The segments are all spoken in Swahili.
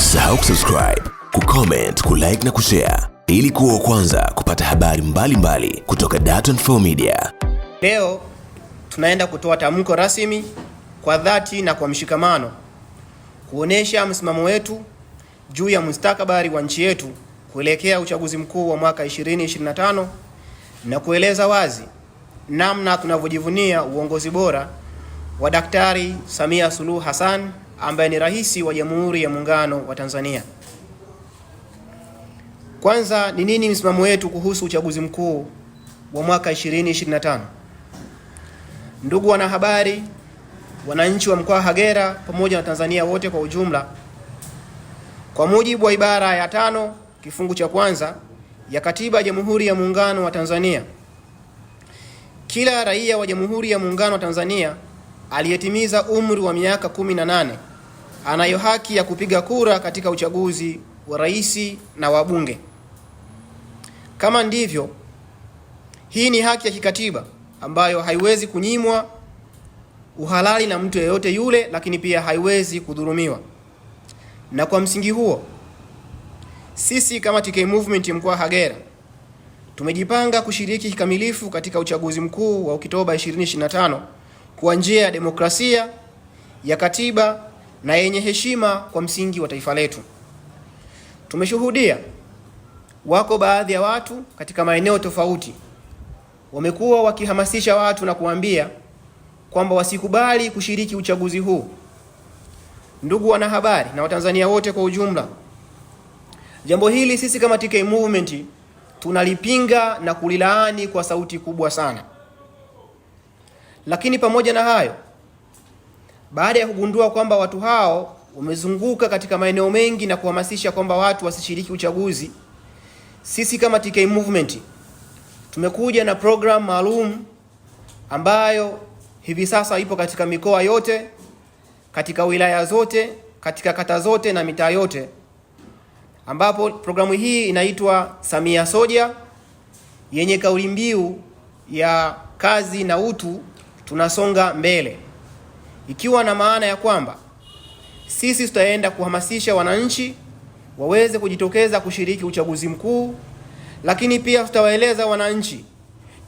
Usisahau kusubscribe, kucomment, kulike na kushare ili kuwa kwanza kupata habari mbalimbali mbali kutoka Dar24 Media. Leo tunaenda kutoa tamko rasmi kwa dhati na kwa mshikamano kuonesha msimamo wetu juu ya mustakabali wa nchi yetu kuelekea uchaguzi mkuu wa mwaka 2025 na kueleza wazi namna tunavyojivunia uongozi bora wa Daktari Samia Suluhu Hassan ambaye ni rais wa Jamhuri ya Muungano wa Tanzania. Kwanza ni nini msimamo wetu kuhusu uchaguzi mkuu wa mwaka 2025? Ndugu wanahabari, wananchi wa mkoa wa Kagera pamoja na Tanzania wote kwa ujumla, kwa mujibu wa ibara ya tano kifungu cha kwanza ya Katiba ya Jamhuri ya Muungano wa Tanzania, kila raia wa Jamhuri ya Muungano wa Tanzania aliyetimiza umri wa miaka 18 anayo haki ya kupiga kura katika uchaguzi wa rais na wabunge. Kama ndivyo, hii ni haki ya kikatiba ambayo haiwezi kunyimwa uhalali na mtu yeyote yule, lakini pia haiwezi kudhulumiwa. Na kwa msingi huo, sisi kama TK Movement mkoa Kagera tumejipanga kushiriki kikamilifu katika uchaguzi mkuu wa Oktoba 2025 kwa njia ya demokrasia ya katiba na yenye heshima kwa msingi wa taifa letu. Tumeshuhudia wako baadhi ya watu katika maeneo tofauti wamekuwa wakihamasisha watu na kuambia kwamba wasikubali kushiriki uchaguzi huu. Ndugu wanahabari na Watanzania wote kwa ujumla, jambo hili sisi kama TK Movement tunalipinga na kulilaani kwa sauti kubwa sana, lakini pamoja na hayo baada ya kugundua kwamba watu hao wamezunguka katika maeneo mengi na kuhamasisha kwamba watu wasishiriki uchaguzi, sisi kama TK Movement tumekuja na program maalum ambayo hivi sasa ipo katika mikoa yote, katika wilaya zote, katika kata zote na mitaa yote, ambapo programu hii inaitwa Samia Soja yenye kauli mbiu ya kazi na utu tunasonga mbele ikiwa na maana ya kwamba sisi tutaenda kuhamasisha wananchi waweze kujitokeza kushiriki uchaguzi mkuu, lakini pia tutawaeleza wananchi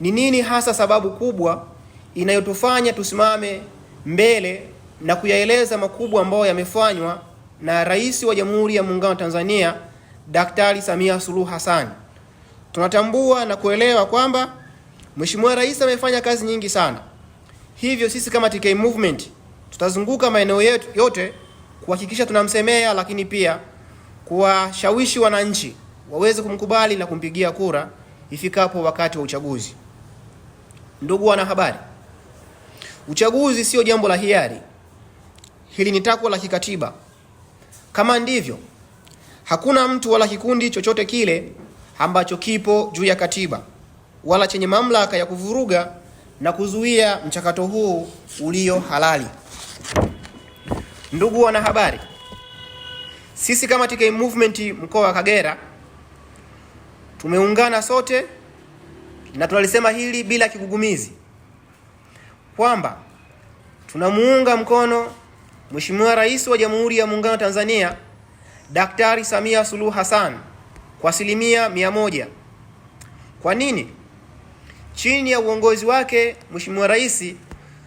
ni nini hasa sababu kubwa inayotufanya tusimame mbele na kuyaeleza makubwa ambayo yamefanywa na Rais wa Jamhuri ya Muungano wa Tanzania Daktari Samia Suluhu Hassan. Tunatambua na kuelewa kwamba Mheshimiwa Rais amefanya kazi nyingi sana, hivyo sisi kama TK Movement Tutazunguka maeneo yetu yote kuhakikisha tunamsemea, lakini pia kuwashawishi wananchi waweze kumkubali na kumpigia kura ifikapo wakati wa uchaguzi. Ndugu wanahabari, uchaguzi sio jambo la hiari. Hili ni takwa la kikatiba. Kama ndivyo, hakuna mtu wala kikundi chochote kile ambacho kipo juu ya katiba wala chenye mamlaka ya kuvuruga na kuzuia mchakato huu ulio halali. Ndugu wanahabari, sisi kama TK Movement mkoa wa Kagera tumeungana sote na tunalisema hili bila kigugumizi kwamba tunamuunga mkono Mheshimiwa Rais wa Jamhuri ya Muungano wa Tanzania Daktari Samia Suluhu Hassan kwa asilimia mia moja. Kwa nini? Chini ya uongozi wake Mheshimiwa Rais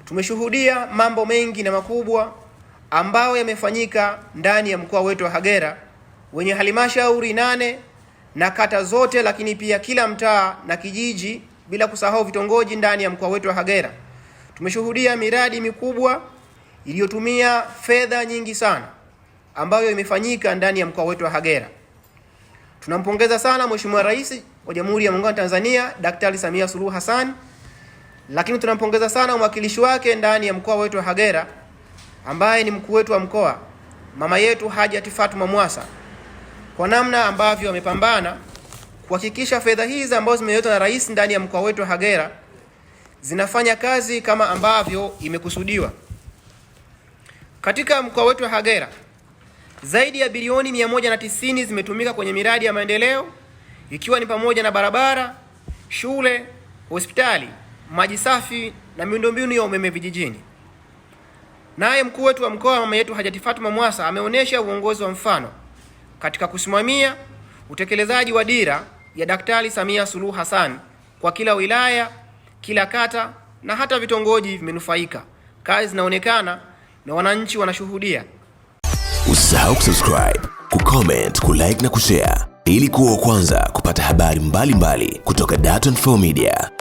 tumeshuhudia mambo mengi na makubwa ambayo yamefanyika ndani ya mkoa wetu wa Kagera wenye halmashauri nane na kata zote, lakini pia kila mtaa na kijiji, bila kusahau vitongoji ndani ya mkoa wetu wa Kagera. Tumeshuhudia miradi mikubwa iliyotumia fedha nyingi sana ambayo imefanyika ndani ya mkoa wetu wa Kagera. Tunampongeza sana Mheshimiwa Rais wa Jamhuri ya Muungano wa Tanzania Daktari Samia Suluhu Hassan, lakini tunampongeza sana mwakilishi wake ndani ya mkoa wetu wa Kagera ambaye ni mkuu wetu wa mkoa, mama yetu Hajati Fatuma Mwasa, kwa namna ambavyo wamepambana kuhakikisha fedha hizi ambazo zimeletwa na rais ndani ya mkoa wetu wa Kagera zinafanya kazi kama ambavyo imekusudiwa. Katika mkoa wetu wa Kagera zaidi ya bilioni tisini zimetumika kwenye miradi ya maendeleo ikiwa ni pamoja na barabara, shule, hospitali, maji safi na miundombinu ya umeme vijijini. Naye mkuu wetu wa mkoa mama yetu Hajati Fatuma Mwasa ameonyesha uongozi wa mfano katika kusimamia utekelezaji wa dira ya Daktari Samia Suluhu Hassan kwa kila wilaya, kila kata na hata vitongoji vimenufaika. Kazi zinaonekana na wananchi wanashuhudia. Usisahau kusubscribe, kucomment, kulike na kushare ili kuwa wa kwanza kupata habari mbalimbali mbali kutoka Dar24 Media.